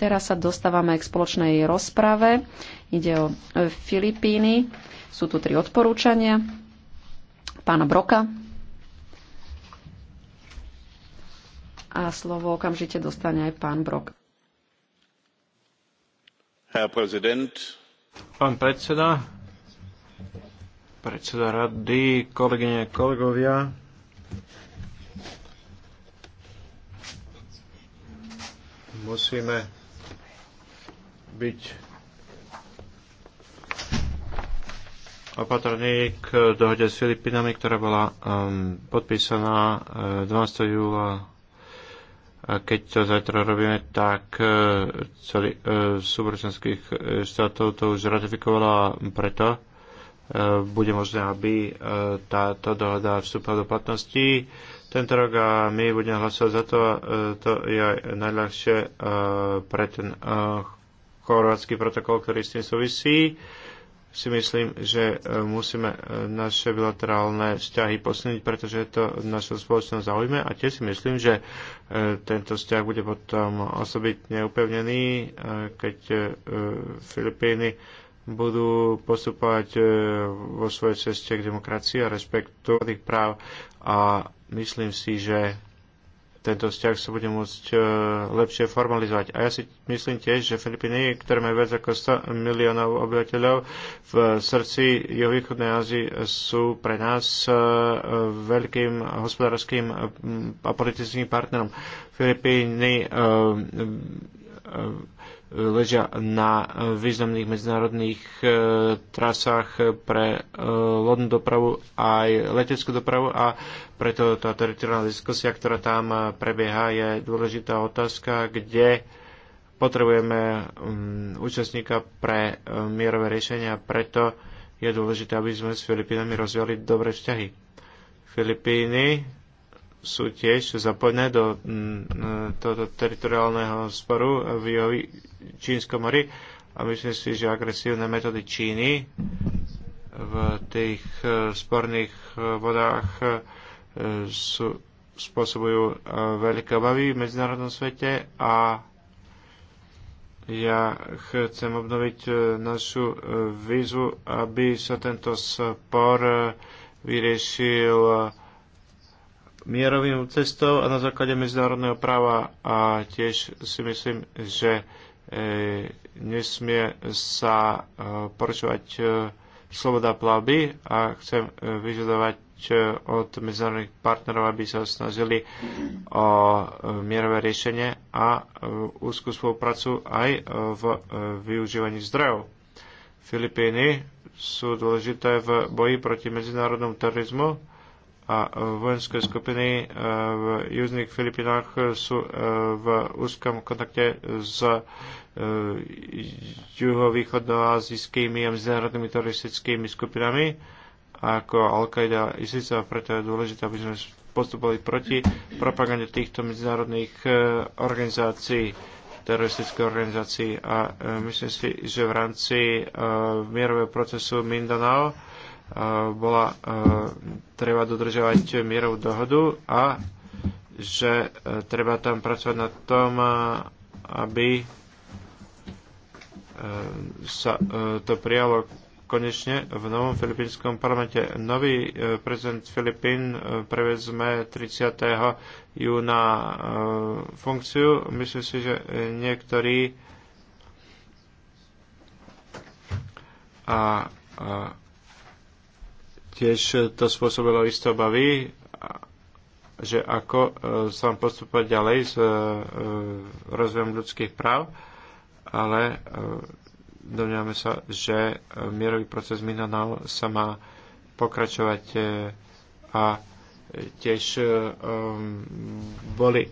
Teraz sa dostávame k spoločnej rozprave. Ide o e, Filipíny. Sú tu tri odporúčania. Pána Broka. A slovo okamžite dostane aj pán Brok. Pán predseda, predseda rady, kolegyne, kolegovia, musíme byť opatrní k dohode s Filipinami, ktorá bola um, podpísaná uh, 12. júla. A keď to zajtra robíme, tak uh, celý uh, súbor uh, štátov to už ratifikovala preto, uh, bude možné, aby uh, táto dohoda vstúpila do platnosti. Uh, tento rok a my budeme hlasovať za to. E, to je najľahšie e, pre ten e, chorvátsky protokol, ktorý s tým súvisí. Si myslím, že musíme naše bilaterálne vzťahy posunúť, pretože je to v našom spoločnom záujme a tiež si myslím, že tento vzťah bude potom osobitne upevnený, keď Filipíny budú postupovať vo svojej ceste k demokracii a respektu tých práv a myslím si, že tento vzťah sa bude môcť e, lepšie formalizovať. A ja si myslím tiež, že Filipíny, ktoré majú viac ako 100 miliónov obyvateľov v srdci juhovýchodnej Ázie, sú pre nás e, veľkým hospodárským a politickým partnerom. Filipíny e, ležia na významných medzinárodných e, trasách pre e, lodnú dopravu a aj leteckú dopravu a preto tá teritoriálna diskusia, ktorá tam prebieha, je dôležitá otázka, kde potrebujeme mm, účastníka pre e, mierové riešenia, preto je dôležité, aby sme s Filipínami rozvíjali dobré vzťahy. Filipíny sú tiež zapojené do mm, tohto teritoriálneho sporu v Čínskom mori a myslím si, že agresívne metódy Číny v tých e, sporných e, vodách e, sú, spôsobujú veľké obavy v medzinárodnom svete a ja chcem obnoviť našu výzvu, aby sa tento spor vyriešil mierovým cestou a na základe medzinárodného práva a tiež si myslím, že e, nesmie sa e, porušovať e, sloboda plavby a chcem vyžadovať od medzinárodných partnerov, aby sa snažili o mierové riešenie a úzkú spoluprácu aj v využívaní zdrojov. Filipíny sú dôležité v boji proti medzinárodnom terorizmu a e, vojenské skupiny e, v južných Filipinách sú e, v úzkom kontakte s juhovýchodnoazijskými a medzinárodnými teroristickými skupinami ako Al-Qaida a ISIS a preto je dôležité, aby sme postupovali proti propagande týchto medzinárodných organizácií teroristické organizácií a myslím si, že v rámci mierového procesu Mindanao bola e, treba dodržovať mierovú dohodu a že e, treba tam pracovať na tom, e, aby sa to prijalo konečne v novom filipínskom parlamente. Nový prezident Filipín prevezme 30. júna funkciu. Myslím si, že niektorí a, a tiež to spôsobilo isté obavy, že ako e, sa postupovať ďalej s e, e, rozvojom ľudských práv, ale domňame sa, že mierový proces Mindanao sa má pokračovať a tiež e, boli e,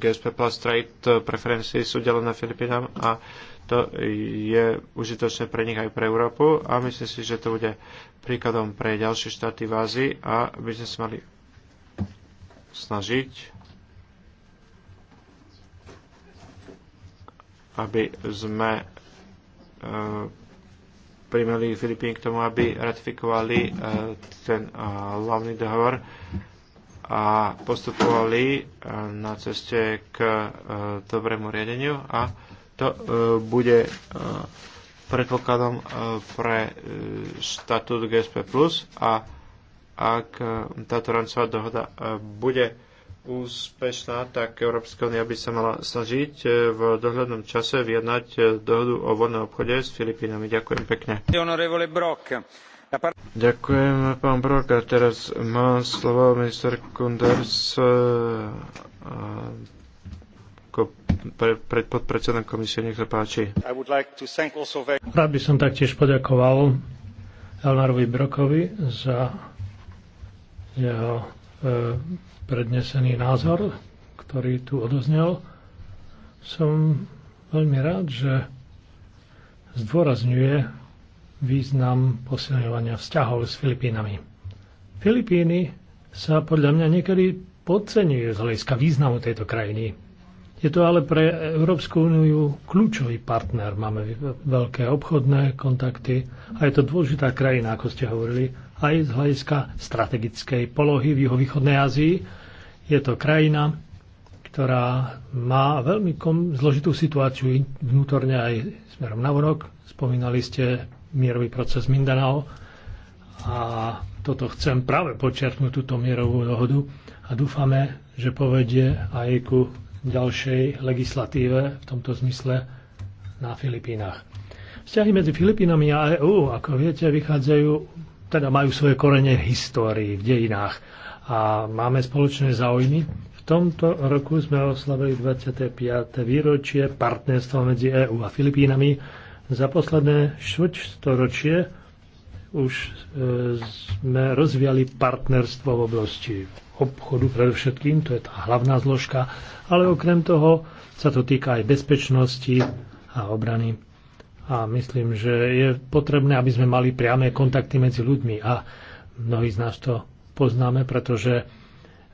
GSP Plus Trade preferencie sú delené Filipinám a e, to je užitočné pre nich aj pre Európu a myslím si, že to bude príkladom pre ďalšie štáty v Ázii a by sme sa mali snažiť, aby sme e, primeli Filipín k tomu, aby ratifikovali e, ten e, hlavný dohovor a postupovali na ceste k dobrému riadeniu a to e, bude e, predpokladom e, pre štatút GSP+, a ak táto rámcová dohoda bude úspešná, tak Európska únia by sa mala snažiť v dohľadnom čase vyjednať dohodu o voľnom obchode s Filipínami. Ďakujem pekne. Ďakujem, pán Brok. A teraz mám slovo minister Kunders pre, komisie, nech sa páči. Rád by som taktiež poďakoval Elnarovi Brokovi za jeho e, prednesený názor, ktorý tu odoznel. Som veľmi rád, že zdôrazňuje význam posilňovania vzťahov s Filipínami. Filipíny sa podľa mňa niekedy podceňuje z hľadiska významu tejto krajiny. Je to ale pre Európsku úniu kľúčový partner. Máme veľké obchodné kontakty a je to dôležitá krajina, ako ste hovorili, aj z hľadiska strategickej polohy v juhovýchodnej Ázii. Je to krajina, ktorá má veľmi kom- zložitú situáciu vnútorne aj smerom na vonok. Spomínali ste mierový proces Mindanao a toto chcem práve počiarknúť túto mierovú dohodu a dúfame, že povedie aj ku ďalšej legislatíve v tomto zmysle na Filipínach. Vzťahy medzi Filipínami a EÚ, ako viete, vychádzajú, teda majú svoje korene v histórii, v dejinách a máme spoločné záujmy. V tomto roku sme oslavili 25. výročie partnerstva medzi EÚ a Filipínami. Za posledné štvrťstoročie už e, sme rozvíjali partnerstvo v oblasti obchodu predovšetkým, to je tá hlavná zložka, ale okrem toho sa to týka aj bezpečnosti a obrany. A myslím, že je potrebné, aby sme mali priame kontakty medzi ľuďmi a mnohí z nás to poznáme, pretože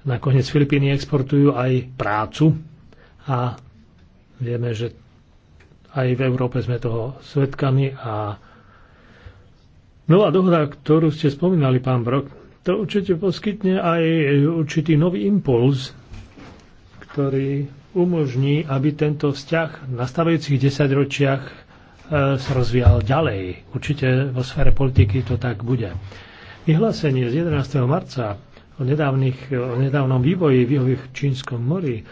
nakoniec Filipíny exportujú aj prácu a vieme, že aj v Európe sme toho svetkami a Nová dohoda, ktorú ste spomínali, pán Brok, to určite poskytne aj určitý nový impuls, ktorý umožní, aby tento vzťah v nastavujúcich desaťročiach e, sa rozvíjal ďalej. Určite vo sfére politiky to tak bude. Vyhlásenie z 11. marca o, nedávnych, o nedávnom vývoji v juhových Čínskom mori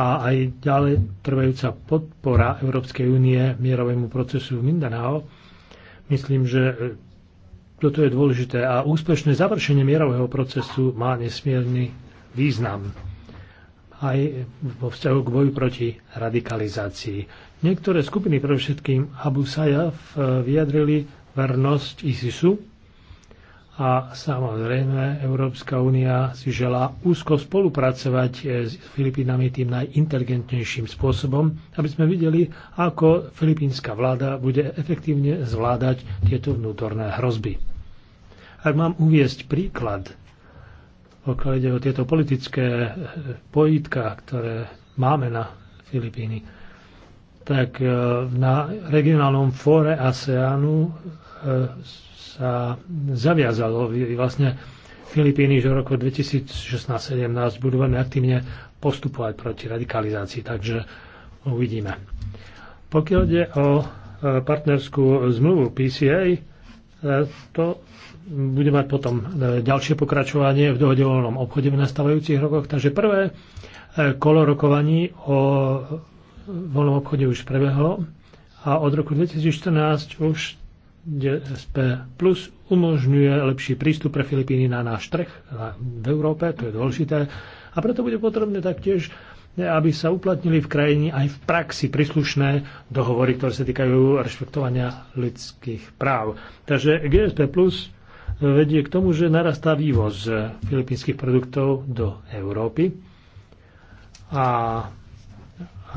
a aj ďalej trvajúca podpora Európskej únie mierovému procesu v Mindanao, myslím, že toto je dôležité a úspešné završenie mierového procesu má nesmierny význam aj vo vzťahu k boju proti radikalizácii. Niektoré skupiny, všetkým Abu Sayyaf, vyjadrili vernosť ISISu a samozrejme Európska únia si želá úzko spolupracovať s Filipínami tým najinteligentnejším spôsobom, aby sme videli, ako filipínska vláda bude efektívne zvládať tieto vnútorné hrozby. Ak mám uviesť príklad, pokiaľ ide o tieto politické eh, pojitka, ktoré máme na Filipíny, tak eh, na regionálnom fóre ASEANu eh, sa zaviazalo vlastne Filipíny, že v roku 2016-17 budú veľmi aktívne postupovať proti radikalizácii, takže uvidíme. Pokiaľ ide o partnerskú zmluvu PCA, E, to bude mať potom e, ďalšie pokračovanie v dohode o voľnom obchode v nastávajúcich rokoch. Takže prvé e, kolo rokovaní o voľnom obchode už prebehlo a od roku 2014 už DSP Plus umožňuje lepší prístup pre Filipíny na náš trh v Európe, to je dôležité. A preto bude potrebné taktiež aby sa uplatnili v krajine aj v praxi príslušné dohovory, ktoré sa týkajú rešpektovania ľudských práv. Takže GSP Plus e, vedie k tomu, že narastá vývoz e, filipínskych produktov do Európy. A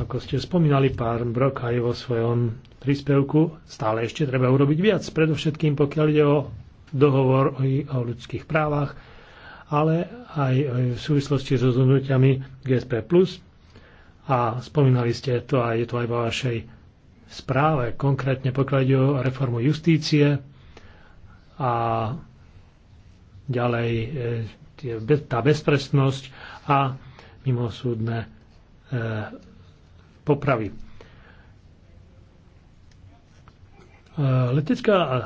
ako ste spomínali, pár Brok aj vo svojom príspevku, stále ešte treba urobiť viac. Predovšetkým, pokiaľ ide o dohovor o ľudských právach, ale aj e, v súvislosti s rozhodnutiami GSP+. A spomínali ste to a je to aj vo vašej správe, konkrétne pokiaľ ide o reformu justície a ďalej e, tá bezpresnosť a mimosúdne e, popravy. Eh, letecká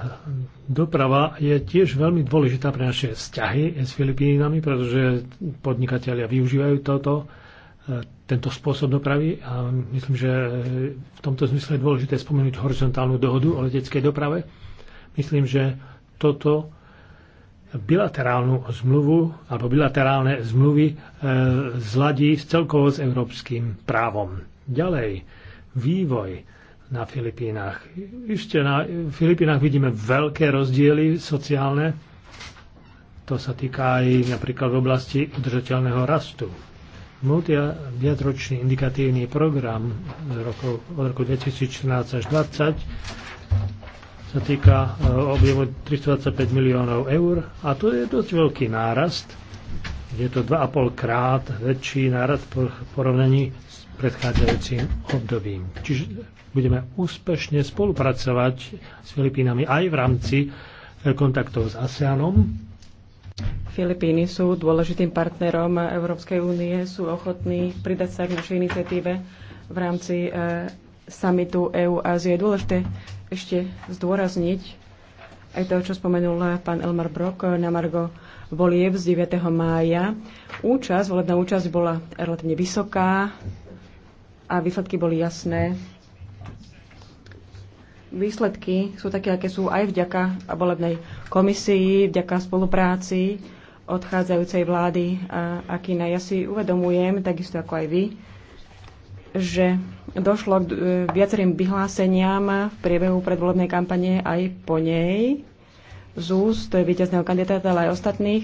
doprava je tiež veľmi dôležitá pre naše vzťahy s Filipínami, pretože podnikatelia využívajú toto, eh, tento spôsob dopravy a myslím, že v tomto zmysle je dôležité spomenúť horizontálnu dohodu o leteckej doprave. Myslím, že toto bilaterálnu zmluvu alebo bilaterálne zmluvy eh, zladí celkovo s európskym právom. Ďalej, vývoj na Filipínach. Ešte na Filipínach vidíme veľké rozdiely sociálne. To sa týka aj napríklad v oblasti udržateľného rastu. Multia viacročný indikatívny program z roku, od roku 2014 až 2020 sa týka e, objemu 325 miliónov eur a to je dosť veľký nárast. Je to 2,5 krát väčší nárast v porovnaní s predchádzajúcim obdobím. Čiže budeme úspešne spolupracovať s Filipínami aj v rámci eh, kontaktov s ASEANom. Filipíny sú dôležitým partnerom Európskej únie, sú ochotní pridať sa k našej iniciatíve v rámci eh, e, samitu eu Azie. Je dôležité ešte zdôrazniť aj to, čo spomenul pán Elmar Brok na Margo volieb z 9. mája. Účasť, volebná účasť bola relatívne vysoká a výsledky boli jasné výsledky sú také, aké sú aj vďaka volebnej komisii, vďaka spolupráci odchádzajúcej vlády a Akina. Ja si uvedomujem, takisto ako aj vy, že došlo k e, viacerým vyhláseniam v priebehu predvolebnej kampane aj po nej z úst víťazného kandidáta, ale aj ostatných.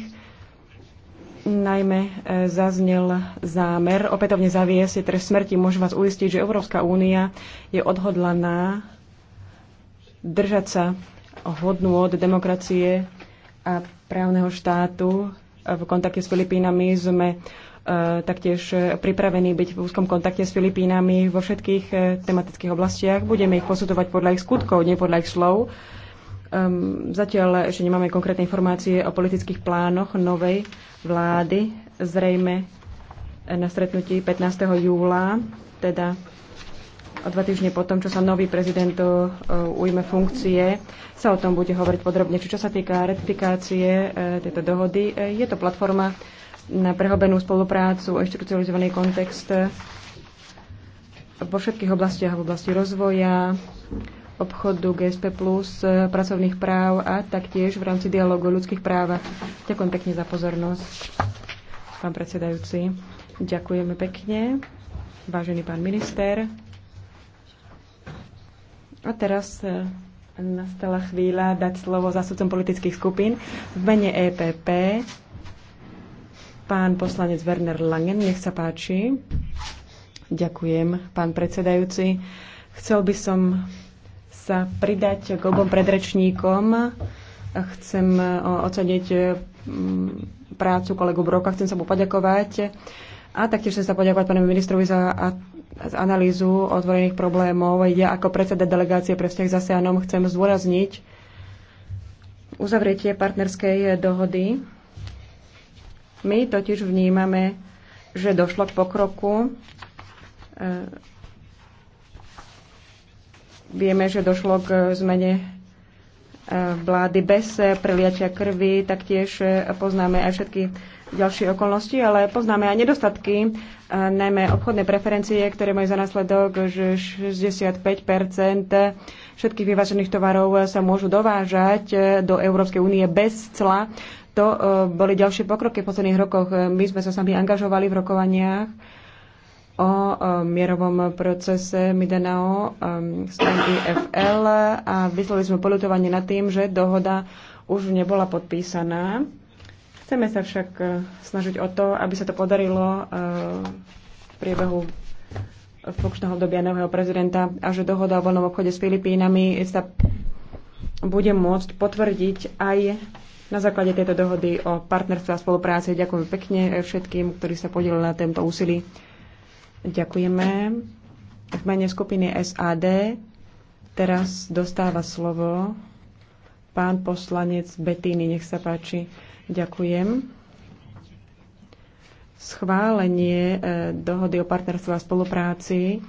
Najmä e, zaznel zámer opätovne zaviesť trest smrti. Môžem vás uistiť, že Európska únia je odhodlaná držať sa hodnú od demokracie a právneho štátu. V kontakte s Filipínami sme e, taktiež pripravení byť v úzkom kontakte s Filipínami vo všetkých e, tematických oblastiach. Budeme ich posudovať podľa ich skutkov, nie podľa ich slov. Ehm, zatiaľ ešte nemáme konkrétne informácie o politických plánoch novej vlády. Zrejme na stretnutí 15. júla, teda o dva týždne potom, čo sa nový prezident e, ujme funkcie, sa o tom bude hovoriť podrobne. Čo, čo sa týka ratifikácie e, tejto dohody, e, je to platforma na prehobenú spoluprácu, a institucionalizovaný kontext vo všetkých oblastiach, v oblasti rozvoja, obchodu GSP+, pracovných práv a taktiež v rámci dialogu o ľudských právach. Ďakujem pekne za pozornosť, pán predsedajúci. Ďakujeme pekne, vážený pán minister. A teraz e, nastala chvíľa dať slovo zásudcom politických skupín. V mene EPP pán poslanec Werner Langen, nech sa páči. Ďakujem, pán predsedajúci. Chcel by som sa pridať k obom predrečníkom. Chcem e, oceniť e, prácu kolegu Broka, chcem sa mu poďakovať. A taktiež chcem sa poďakovať pánovi ministrovi za z analýzu otvorených problémov. Ja ako predseda delegácie pre vzťah s ASEANom chcem zdôrazniť uzavretie partnerskej dohody. My totiž vnímame, že došlo k pokroku. E, vieme, že došlo k zmene e, vlády bez preliatia krvi, taktiež poznáme aj všetky ďalšie okolnosti, ale poznáme aj nedostatky, e, najmä obchodné preferencie, ktoré majú za následok, že 65 všetkých vyvážených tovarov sa môžu dovážať e, do Európskej únie bez cla. To e, boli ďalšie pokroky v posledných rokoch. My sme sa sami angažovali v rokovaniach o mierovom procese Midanao s IFL a vyslovili sme polutovanie nad tým, že dohoda už nebola podpísaná. Chceme sa však e, snažiť o to, aby sa to podarilo e, v priebehu funkčného obdobia nového prezidenta a že dohoda o voľnom obchode s Filipínami sa bude môcť potvrdiť aj na základe tejto dohody o partnerstve a spolupráci. Ďakujem pekne všetkým, ktorí sa podielili na tento úsilí. Ďakujeme. V mene skupiny SAD teraz dostáva slovo pán poslanec Betíny. Nech sa páči. Ďakujem. Schválenie e, dohody o partnerstve a spolupráci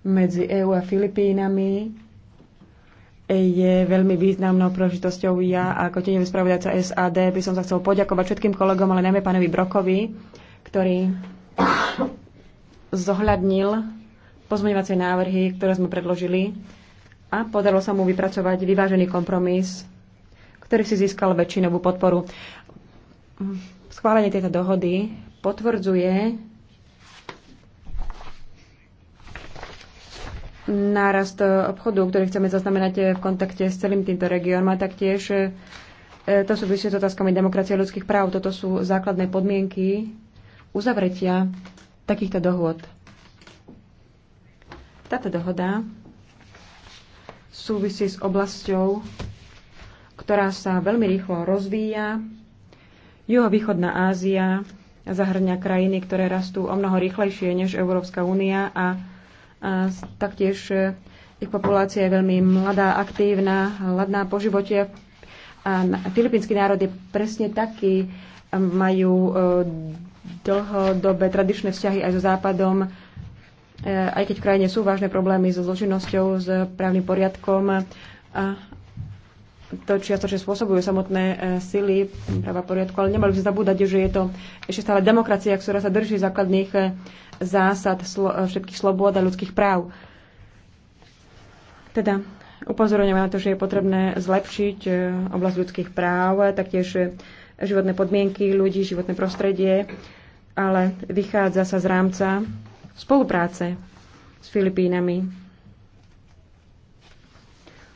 medzi EÚ a Filipínami je veľmi významnou prožitosťou. Ja ako tenevý spravodajca SAD by som sa chcel poďakovať všetkým kolegom, ale najmä pánovi Brokovi, ktorý zohľadnil pozmeňovacie návrhy, ktoré sme predložili a podarilo sa mu vypracovať vyvážený kompromis ktorý si získal väčšinovú podporu. Schválenie tejto dohody potvrdzuje nárast obchodu, ktorý chceme zaznamenať v kontakte s celým týmto regiónom a taktiež e, to súvisí s otázkami demokracie a ľudských práv. Toto sú základné podmienky uzavretia takýchto dohôd. Táto dohoda súvisí s oblasťou ktorá sa veľmi rýchlo rozvíja. Juhovýchodná Ázia zahrňa krajiny, ktoré rastú o mnoho rýchlejšie než Európska únia a, a taktiež e, ich populácia je veľmi mladá, aktívna, hladná po živote. A filipínsky národ je presne taký, e, majú e, dlhodobé tradičné vzťahy aj so západom, aj keď v krajine sú vážne problémy so zločinnosťou, s právnym poriadkom, a to čiastočne spôsobujú samotné e, sily hm. práva poriadku, ale nemali by sme zabúdať, že je to ešte stále demokracia, ktorá sa drží základných e, zásad e, všetkých slobôd a ľudských práv. Teda upozorňujeme na to, že je potrebné zlepšiť oblasť ľudských práv, taktiež životné podmienky ľudí, životné prostredie, ale vychádza sa z rámca spolupráce s Filipínami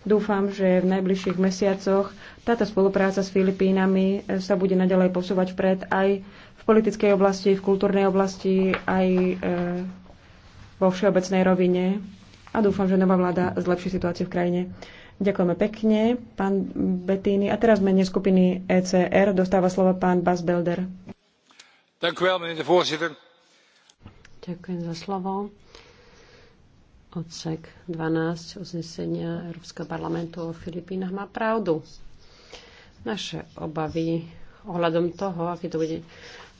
Dúfam, že v najbližších mesiacoch táto spolupráca s Filipínami eh, sa bude naďalej posúvať vpred aj v politickej oblasti, v kultúrnej oblasti, aj eh, vo všeobecnej rovine. A dúfam, že nová vláda zlepší situáciu v krajine. Ďakujeme pekne, pán Betíny. A teraz mene skupiny ECR dostáva slovo pán Bas Belder. Ďakujem za slovo odsek 12 uznesenia Európskeho parlamentu o Filipínach má pravdu. Naše obavy ohľadom toho, aký to bude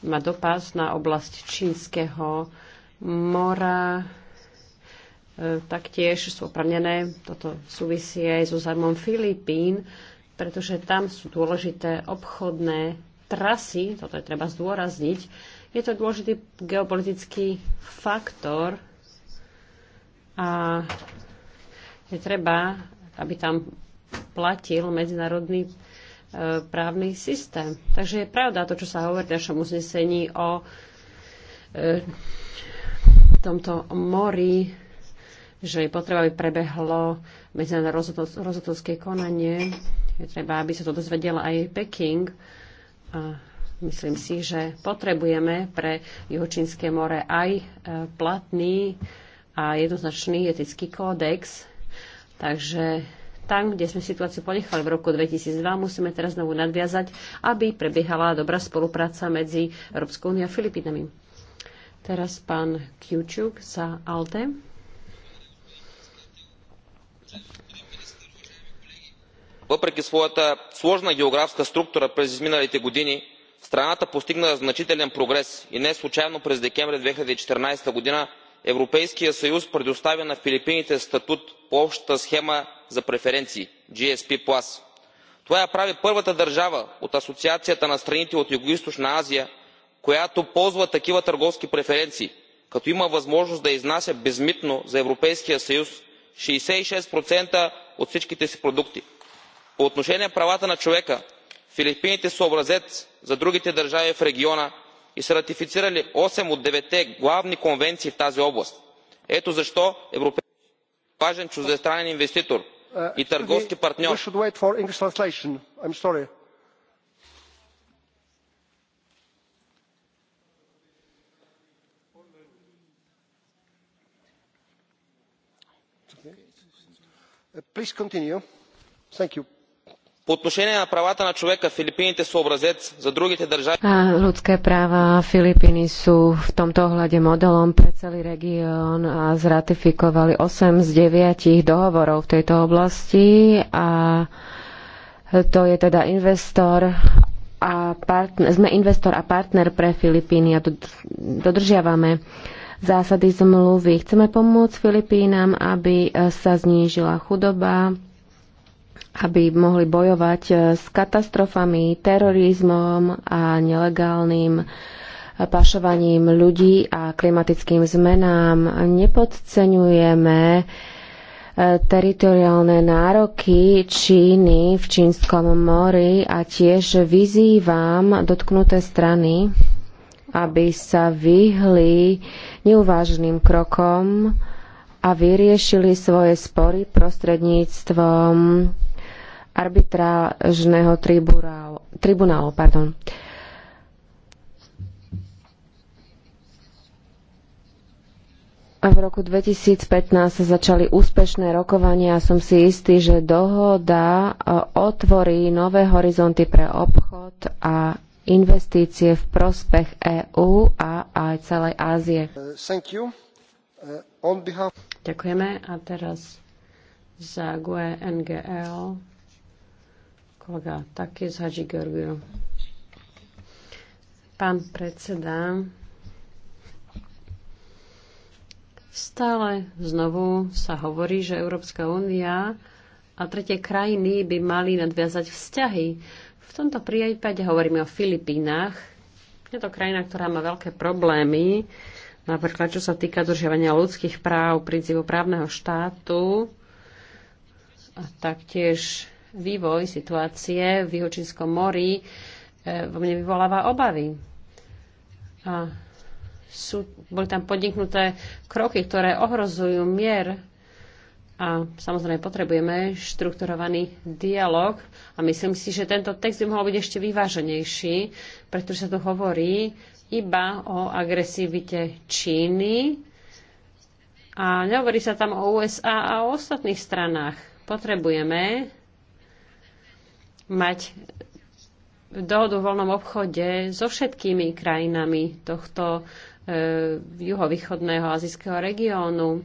mať dopad na oblasť Čínskeho mora, e, taktiež sú opravnené. Toto súvisí aj so zájmom Filipín, pretože tam sú dôležité obchodné trasy, toto je treba zdôrazniť. Je to dôležitý geopolitický faktor a je treba, aby tam platil medzinárodný e, právny systém. Takže je pravda to, čo sa hovorí v našom uznesení o e, tomto mori, že je potreba, aby prebehlo medzinárodné rozhodovské konanie. Je treba, aby sa to dozvedel aj Peking. A myslím si, že potrebujeme pre Juhočínske more aj e, platný a jednoznačný etický kódex. Takže tam, kde sme situáciu ponechali v roku 2002, musíme teraz znovu nadviazať, aby prebiehala dobrá spolupráca medzi Európskou úniou a Filipínami. Teraz pán Kiučuk za Alte. Въпреки своята сложна географска структура през изминалите години, страната постигна значителен прогрес и не случайно през декември 2014 година европейският съюз предоставя на филипините статут по общата схема за преференции gsp. това я прави първата държава от асоциацията на страните от югоизточна азия която ползва такива търговски преференции като има възможност да изнася безмитно за европейския съюз шестдесет и шест от всичките си продукти. по отношение правата на човека филипините са образец за другите държави в региона и са ратифицирали осем от деветте главни конвенции в тази област. ето защо европейският съюз е важен чуждестранен инвеститор и търговски партньор. please continue. thank you. По отношение на правата на човека, Филипините са образец за другите държави. ľudské práva Filipíny sú v tomto ohľade modelom pre celý región a zratifikovali 8 z 9 dohovorov v tejto oblasti a to je teda investor a partner, sme investor a partner pre Filipíny a dodržiavame zásady zmluvy. Chceme pomôcť Filipínam, aby sa znížila chudoba, aby mohli bojovať eh, s katastrofami, terorizmom a nelegálnym eh, pašovaním ľudí a klimatickým zmenám. Nepodceňujeme eh, teritoriálne nároky Číny v Čínskom mori a tiež vyzývam dotknuté strany, aby sa vyhli neuváženým krokom a vyriešili svoje spory prostredníctvom arbitrážneho tribunálu. pardon. A v roku 2015 sa začali úspešné rokovania a som si istý, že dohoda e, otvorí nové horizonty pre obchod a investície v prospech EÚ a aj celej Ázie. Uh, uh, Ďakujeme a teraz za GUE NGL Kolega také z Hadži Georgiou. Pán predseda, stále znovu sa hovorí, že Európska únia a tretie krajiny by mali nadviazať vzťahy. V tomto prípade hovoríme o Filipínach. Je to krajina, ktorá má veľké problémy, napríklad čo sa týka dodržiavania ľudských práv, princípu právneho štátu a taktiež vývoj situácie v Juhočínskom mori e, vo mne vyvoláva obavy. A sú, boli tam podniknuté kroky, ktoré ohrozujú mier a samozrejme potrebujeme štrukturovaný dialog a myslím si, že tento text by mohol byť ešte vyváženejší, pretože sa tu hovorí iba o agresivite Číny a nehovorí sa tam o USA a o ostatných stranách. Potrebujeme mať dohodu o voľnom obchode so všetkými krajinami tohto e, juhovýchodného azijského regiónu.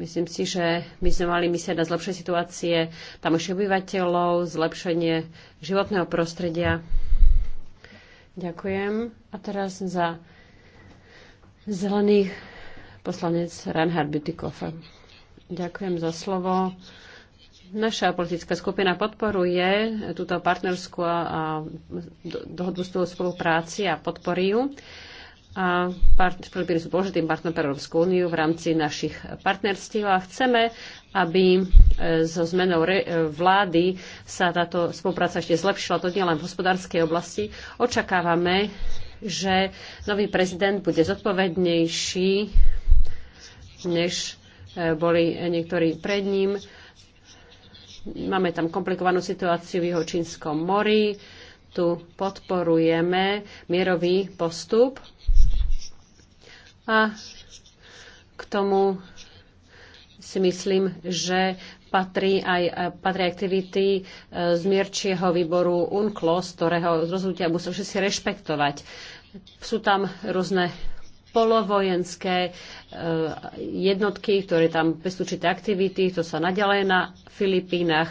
Myslím si, že by sme mali myslieť na zlepšenie situácie tamojších obyvateľov, zlepšenie životného prostredia. Ďakujem. A teraz za zelených poslanec Reinhard Bütikofer. Ďakujem za slovo. Naša politická skupina podporuje túto partnerskú a dohodu spolupráci a podporí ju. A Filipíny sú dôležitým partnerom pre Európsku úniu v rámci našich partnerstiev a chceme, aby e, so zmenou e, vlády sa táto spolupráca ešte zlepšila, to len v hospodárskej oblasti. Očakávame, že nový prezident bude zodpovednejší, než e, boli niektorí pred ním Máme tam komplikovanú situáciu v jeho Čínskom mori. Tu podporujeme mierový postup. A k tomu si myslím, že patrí aj, patrí aktivity e, z mierčieho výboru UNCLOS, ktorého rozhodnutia musí všetci rešpektovať. Sú tam rôzne polovojenské e, jednotky, ktoré tam bez určité aktivity. To sa naďalej na Filipínach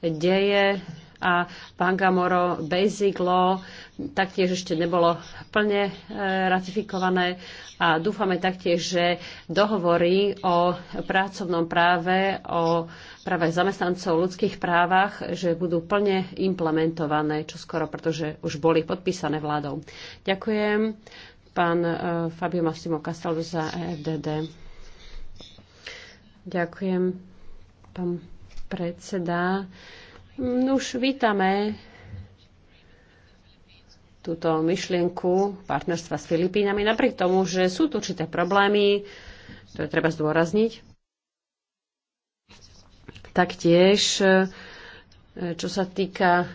deje a Pangamoro Basic Law taktiež ešte nebolo plne e, ratifikované a dúfame taktiež, že dohovory o pracovnom práve, o práve zamestnancov ľudských právach, že budú plne implementované čoskoro, pretože už boli podpísané vládou. Ďakujem pán e, Fabio Massimo Castaldo za EFDD. Ďakujem, pán predseda. Mm, už vítame túto myšlienku partnerstva s Filipínami, napriek tomu, že sú tu určité problémy, ktoré treba zdôrazniť. Taktiež, e, čo sa týka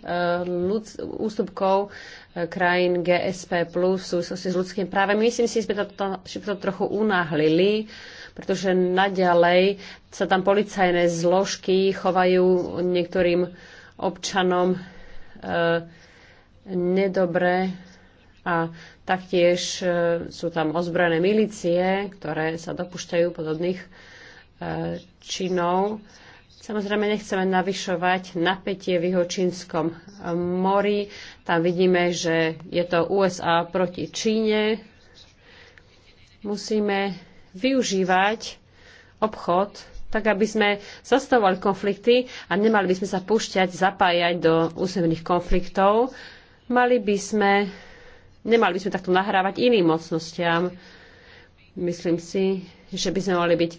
e, ústupkov krajín GSP plus v súvislosti s ľudským právem. Myslím si, že sme to, to, že to trochu unáhlili, pretože naďalej sa tam policajné zložky chovajú niektorým občanom e, nedobre a taktiež e, sú tam ozbrojené milície, ktoré sa dopušťajú podobných e, činov. E, Samozrejme, nechceme navyšovať napätie v Jihočínskom eh, mori. Tam vidíme, že je to USA proti Číne. Musíme využívať obchod tak, aby sme zastavovali konflikty a nemali by sme sa púšťať, zapájať do územných konfliktov. Mali by sme, nemali by sme takto nahrávať iným mocnostiam. Myslím si, že by sme mali byť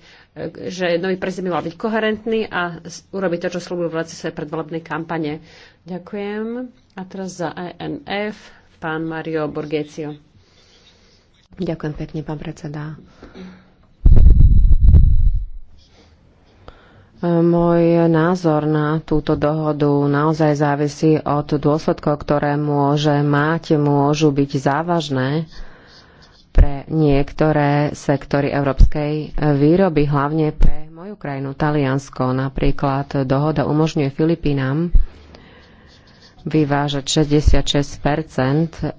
že nový prezident by mal byť koherentný a urobiť to, čo slúbil v lete svojej predvolebnej kampane. Ďakujem. A teraz za ANF e pán Mario Borgecio. Ďakujem pekne, pán predseda. Môj názor na túto dohodu naozaj závisí od dôsledkov, ktoré môže mať, môžu byť závažné pre niektoré sektory európskej eh, výroby, hlavne pre moju krajinu, Taliansko. Napríklad dohoda umožňuje Filipínam vyvážať 66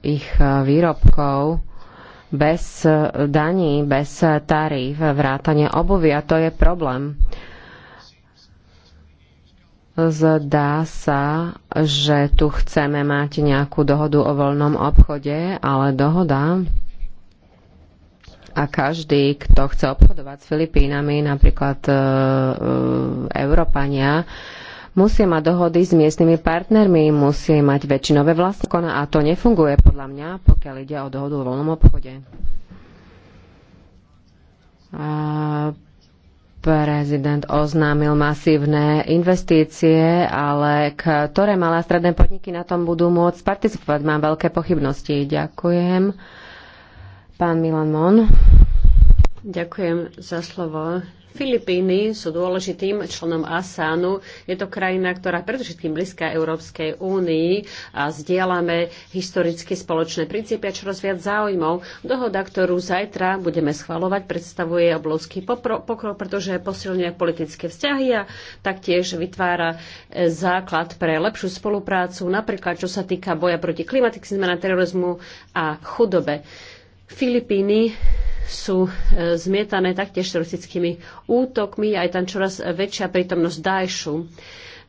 ich eh, výrobkov bez eh, daní, bez taríf, vrátane obuvia. To je problém. Zdá sa, že tu chceme mať nejakú dohodu o voľnom obchode, ale dohoda a každý, kto chce obchodovať s Filipínami, napríklad e, e, Európania, musí mať dohody s miestnymi partnermi, musí mať väčšinové vlastníkona a to nefunguje podľa mňa, pokiaľ ide o dohodu o voľnom obchode. A prezident oznámil masívne investície, ale ktoré malé a stredné podniky na tom budú môcť participovať? Mám veľké pochybnosti. Ďakujem. Pán Milan Mon. Ďakujem za slovo. Filipíny sú dôležitým členom ASANu. Je to krajina, ktorá predovšetkým blízka Európskej únii a zdieľame historicky spoločné princípy a čo rozviac záujmov. Dohoda, ktorú zajtra budeme schvalovať, predstavuje obrovský pokrok, pretože posilňuje politické vzťahy a taktiež vytvára e, základ pre lepšiu spoluprácu, napríklad čo sa týka boja proti klimatickým zmenám, terorizmu a chudobe. Filipíny sú e, zmietané taktiež teroristickými útokmi, aj tam čoraz väčšia prítomnosť Daešu.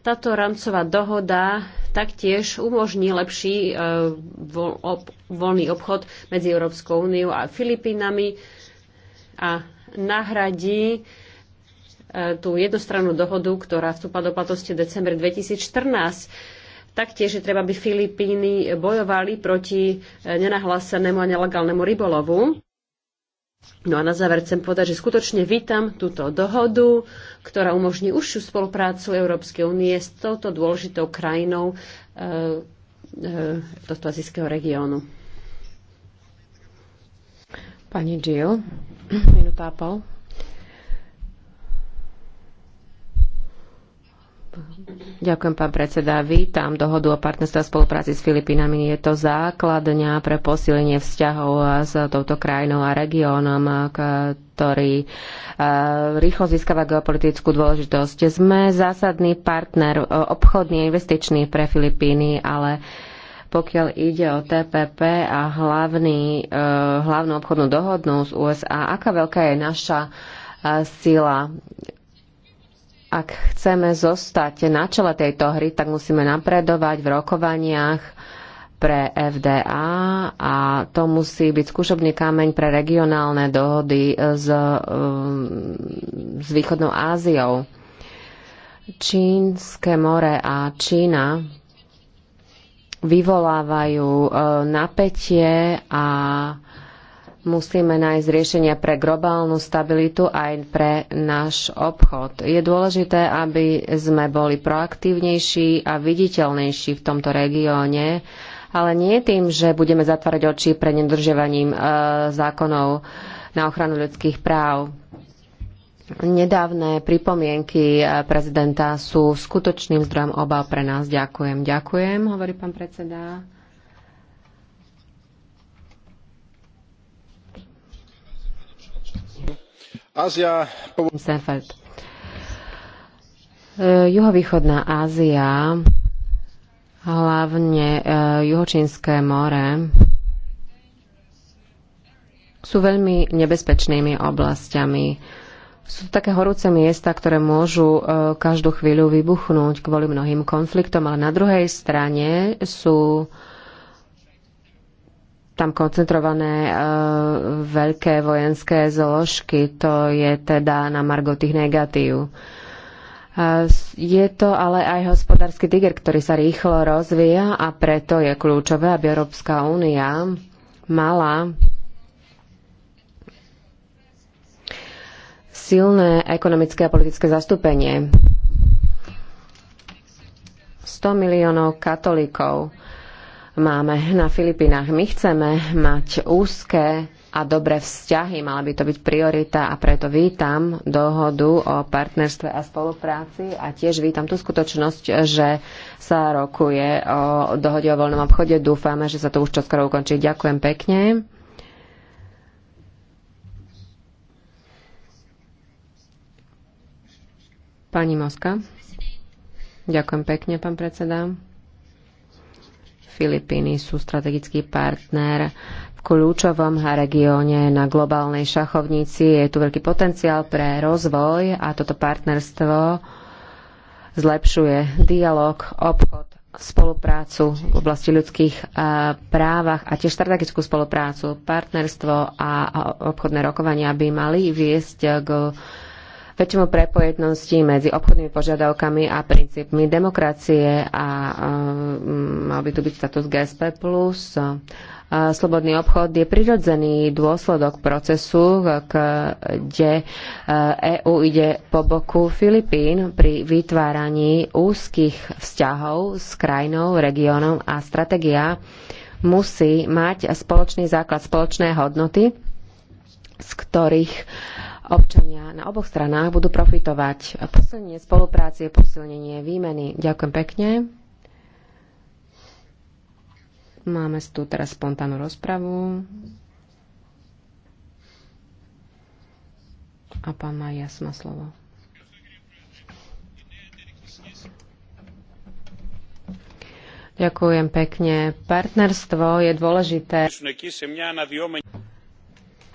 Táto rámcová dohoda taktiež umožní lepší e, voľný obchod medzi Európskou úniou a Filipínami a nahradí e, tú jednostrannú dohodu, ktorá vstúpa do platnosti decembri 2014. Taktiež je treba, aby Filipíny bojovali proti e, nenahlásenému a nelegálnemu rybolovu. No a na záver chcem povedať, že skutočne vítam túto dohodu, ktorá umožní užšiu spoluprácu Európskej únie s touto dôležitou krajinou e, e, tohto azijského regiónu. Pani Jill, minúta a pol. Ďakujem, pán predseda. Vítam dohodu o partnerstve a spolupráci s Filipínami. Je to základňa pre posilenie vzťahov s touto krajinou a regiónom, ktorý eh, rýchlo získava geopolitickú dôležitosť. Sme zásadný partner eh, obchodný, investičný pre Filipíny, ale pokiaľ ide o TPP a hlavný, eh, hlavnú obchodnú dohodnú z USA, aká veľká je naša sila ak chceme zostať na čele tejto hry, tak musíme napredovať v rokovaniach pre FDA a to musí byť skúšobný kameň pre regionálne dohody s, um, s Východnou Áziou. Čínske more a Čína vyvolávajú uh, napätie a musíme nájsť riešenia pre globálnu stabilitu aj pre náš obchod. Je dôležité, aby sme boli proaktívnejší a viditeľnejší v tomto regióne, ale nie tým, že budeme zatvárať oči pre nedržiavaním e, zákonov na ochranu ľudských práv. Nedávne pripomienky e, prezidenta sú skutočným zdrojom obav pre nás. Ďakujem. Ďakujem, hovorí pán predseda. Ázia... E, juhovýchodná Ázia, hlavne e, Juhočínske more, sú veľmi nebezpečnými oblastiami. Sú to také horúce miesta, ktoré môžu e, každú chvíľu vybuchnúť kvôli mnohým konfliktom, ale na druhej strane sú tam koncentrované e, veľké vojenské zložky. To je teda na margo tých negatív. E, je to ale aj hospodársky tiger, ktorý sa rýchlo rozvíja a preto je kľúčové, aby Európska únia mala silné ekonomické a politické zastúpenie. 100 miliónov katolíkov máme na Filipinách. My chceme mať úzke a dobré vzťahy, mala by to byť priorita a preto vítam dohodu o partnerstve a spolupráci a tiež vítam tú skutočnosť, že sa rokuje o dohode o voľnom obchode. Dúfame, že sa to už čoskoro ukončí. Ďakujem pekne. Pani Moska. Ďakujem pekne, pán predseda. Filipíny sú strategický partner v kľúčovom regióne na globálnej šachovnici. Je tu veľký potenciál pre rozvoj a toto partnerstvo zlepšuje dialog, obchod, spoluprácu v oblasti ľudských eh, právach a tiež strategickú spoluprácu. Partnerstvo a obchodné rokovania by mali viesť k väčšiemu prepojednosti medzi obchodnými požiadavkami a princípmi demokracie a eh, mal by tu byť status GSP+. Slobodný obchod je prirodzený dôsledok procesu, kde EÚ eh, e ide po boku Filipín pri vytváraní úzkých vzťahov s krajinou, regiónom a stratégia musí mať spoločný základ, spoločné hodnoty, z ktorých občania na oboch stranách budú profitovať. Posilnenie spolupráce, posilnenie výmeny. Ďakujem pekne. Máme tu teraz spontánnu rozpravu. A pán Majas má slovo. Ďakujem pekne. Partnerstvo je dôležité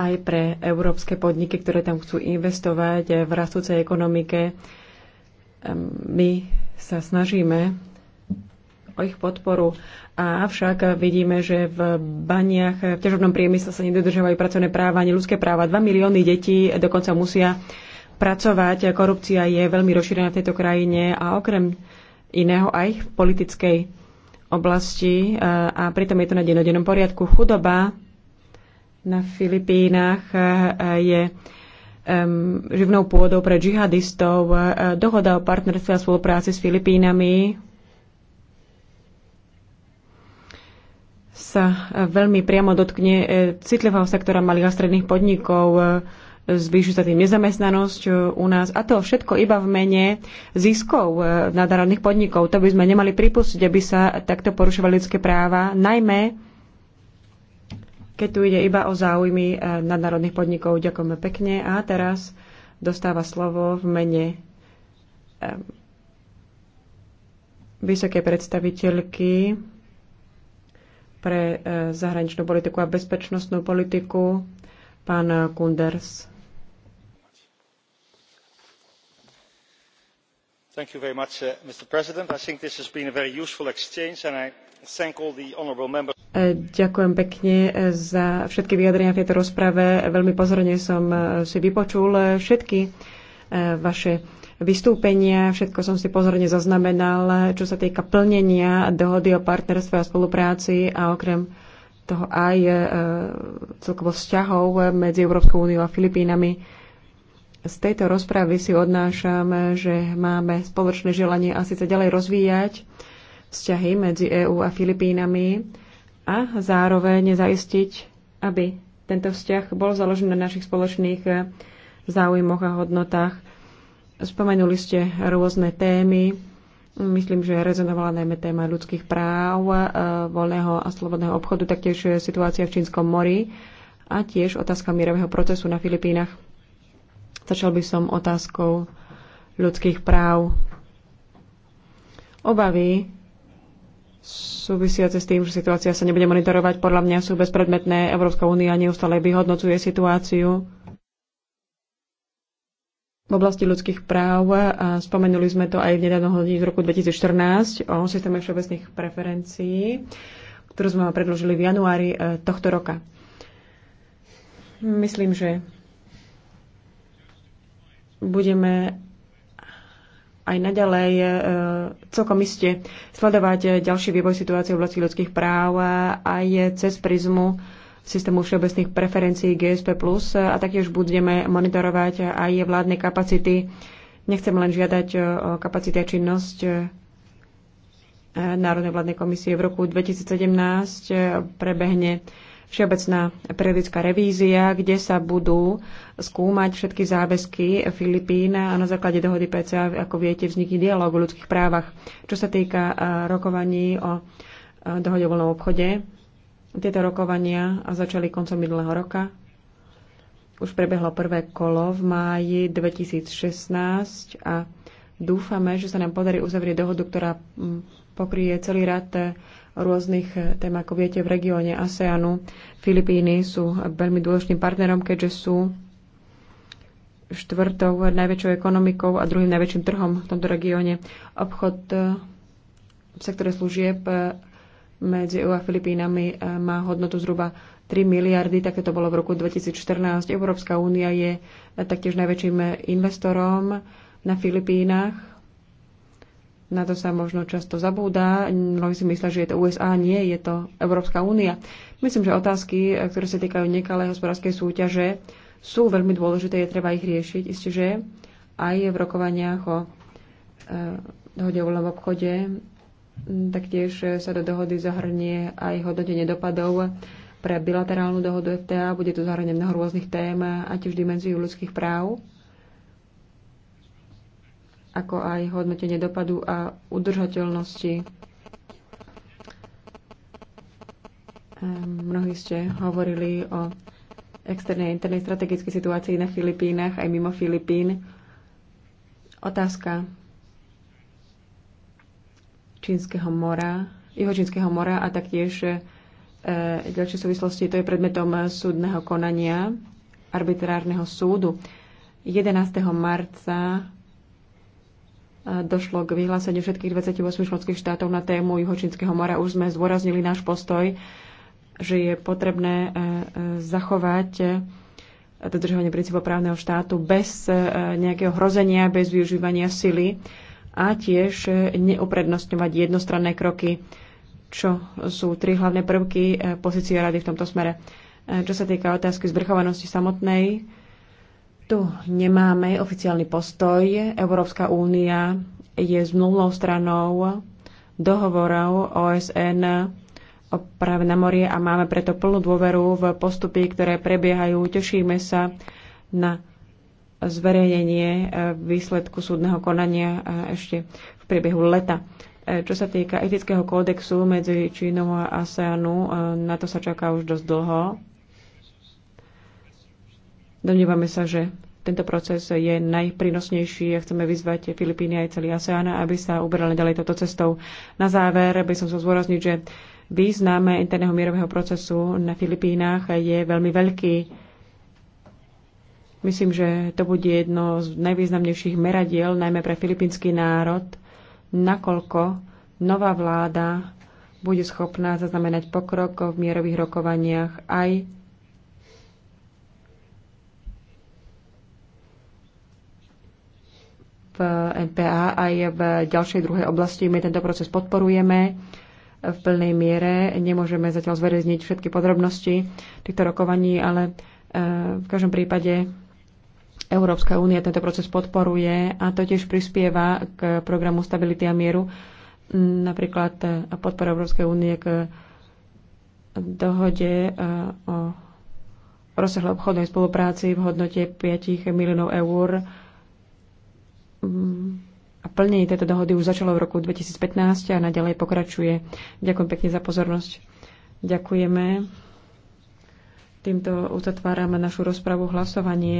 aj pre európske podniky, ktoré tam chcú investovať v rastúcej ekonomike. My sa snažíme o ich podporu. A avšak vidíme, že v baniach, v ťažobnom priemysle sa nedodržiavajú pracovné práva ani ľudské práva. 2 milióny detí dokonca musia pracovať. Korupcia je veľmi rozšírená v tejto krajine a okrem iného aj v politickej oblasti a pritom je to na denodennom poriadku. Chudoba na Filipínach eh, eh, je živnou pôdou pre džihadistov. Eh, dohoda o partnerstve a spolupráci s Filipínami sa veľmi priamo dotkne citlivého sektora malých a stredných podnikov, zvýši sa tým nezamestnanosť u nás a to všetko iba v mene ziskov nadárodných podnikov. To by sme nemali pripustiť, aby sa takto porušovali ľudské práva, najmä keď tu ide iba o záujmy eh, nadnárodných podnikov. Ďakujeme pekne. A teraz dostáva slovo v mene eh, vysokej predstaviteľky pre eh, zahraničnú politiku a bezpečnostnú politiku, pán Kunders. Much, e, Ďakujem pekne e, za všetky vyjadrenia v tejto rozprave. Veľmi pozorne som e, si vypočul všetky vaše vystúpenia. Všetko som si pozorne zaznamenal, čo sa týka plnenia dohody o partnerstve a spolupráci a okrem toho aj celkovo vzťahov medzi Európskou úniou a Filipínami z tejto rozpravy si odnášam, že máme spoločné želanie asi sa ďalej rozvíjať vzťahy medzi EÚ a Filipínami a zároveň zaistiť, aby tento vzťah bol založený na našich spoločných záujmoch a hodnotách. Spomenuli ste rôzne témy. Myslím, že rezonovala najmä téma ľudských práv, e, voľného a slobodného obchodu, taktiež situácia v Čínskom mori a tiež otázka mierového procesu na Filipínach. Začal by som otázkou ľudských práv. Obavy súvisiace s tým, že situácia sa nebude monitorovať, podľa mňa sú bezpredmetné. Európska únia neustále vyhodnocuje situáciu v oblasti ľudských práv. A spomenuli sme to aj v nedávnom hodí z roku 2014 o systéme všeobecných preferencií, ktorú sme vám predložili v januári eh, tohto roka. Myslím, že budeme aj naďalej e, celkom iste sledovať e, ďalší vývoj situácie v oblasti ľudských práv aj cez prizmu systému všeobecných preferencií GSP+, a taktiež budeme monitorovať aj vládne kapacity. Nechcem len žiadať e, o kapacity a činnosť Národnej vládnej komisie. V roku 2017 prebehne všeobecná periodická revízia, kde sa budú skúmať všetky záväzky Filipín a na základe dohody PCA, ako viete, vznikne dialog o ľudských právach. Čo sa týka rokovaní o dohode o voľnom obchode, tieto rokovania začali koncom minulého roka. Už prebehlo prvé kolo v máji 2016 a dúfame, že sa nám podarí uzavrieť dohodu, ktorá pokrie celý rad rôznych e, tém, ako viete, v regióne ASEANu. Filipíny sú veľmi dôležitým partnerom, keďže sú štvrtou najväčšou ekonomikou a druhým najväčším trhom v tomto regióne. Obchod e, v sektore služieb e, medzi EU a Filipínami má hodnotu zhruba 3 miliardy, také to bolo v roku 2014. Európska únia je taktiež najväčším investorom na Filipínach na to sa možno často zabúda. Mnohí si myslia, že je to USA, nie, je to Európska únia. Myslím, že otázky, ktoré sa týkajú nekalej hospodárskej súťaže, sú veľmi dôležité, je treba ich riešiť. Isteže že aj v rokovaniach o e, dohode o voľnom obchode hm, taktiež sa do dohody zahrnie aj hodnotenie dopadov pre bilaterálnu dohodu FTA. Bude to zahrnie mnoho rôznych tém a tiež dimenziu ľudských práv ako aj hodnotenie dopadu a udržateľnosti. Ehm, mnohí ste hovorili o externej a internej strategickej situácii na Filipínach aj mimo Filipín. Otázka Čínskeho mora, jeho Čínskeho mora a taktiež e, ďalšie súvislosti. To je predmetom súdneho konania arbitrárneho súdu. 11. marca došlo k vyhláseniu všetkých 28 členských štátov na tému Juhočínskeho mora. Už sme zdôraznili náš postoj, že je potrebné e, e, zachovať e, dodržovanie princípov právneho štátu bez nejakého hrozenia, bez využívania sily a tiež neuprednostňovať jednostranné kroky, čo sú tri hlavné prvky pozície rady v tomto smere. Čo sa týka otázky zvrchovanosti samotnej, tu nemáme oficiálny postoj. Európska únia je zmluvnou stranou dohovorov OSN o práve na morie a máme preto plnú dôveru v postupy, ktoré prebiehajú. Tešíme sa na zverejnenie e, výsledku súdneho konania e, ešte v priebehu leta. E, čo sa týka etického kódexu medzi Čínou a ASEANu, na to sa čaká už dosť dlho. Domnívame sa, že tento proces je najprínosnejší a chceme vyzvať Filipíny aj celý ASEAN, aby sa uberali ďalej touto cestou. Na záver by som sa zdôrazniť, že význam interného mierového procesu na Filipínach je veľmi veľký. Myslím, že to bude jedno z najvýznamnejších meradiel, najmä pre filipínsky národ, nakoľko nová vláda bude schopná zaznamenať pokrok v mierových rokovaniach aj NPA aj v ďalšej druhej oblasti. My tento proces podporujeme v plnej miere. Nemôžeme zatiaľ zverejniť všetky podrobnosti týchto rokovaní, ale e, v každom prípade Európska únia tento proces podporuje a to tiež prispieva k programu stability a mieru, napríklad e, podpora Európskej únie k dohode e, o rozsahle obchodnej spolupráci v hodnote 5 miliónov eur a plnenie tejto dohody už začalo v roku 2015 a naďalej pokračuje. Ďakujem pekne za pozornosť. Ďakujeme. Týmto uzatvárame našu rozpravu hlasovanie.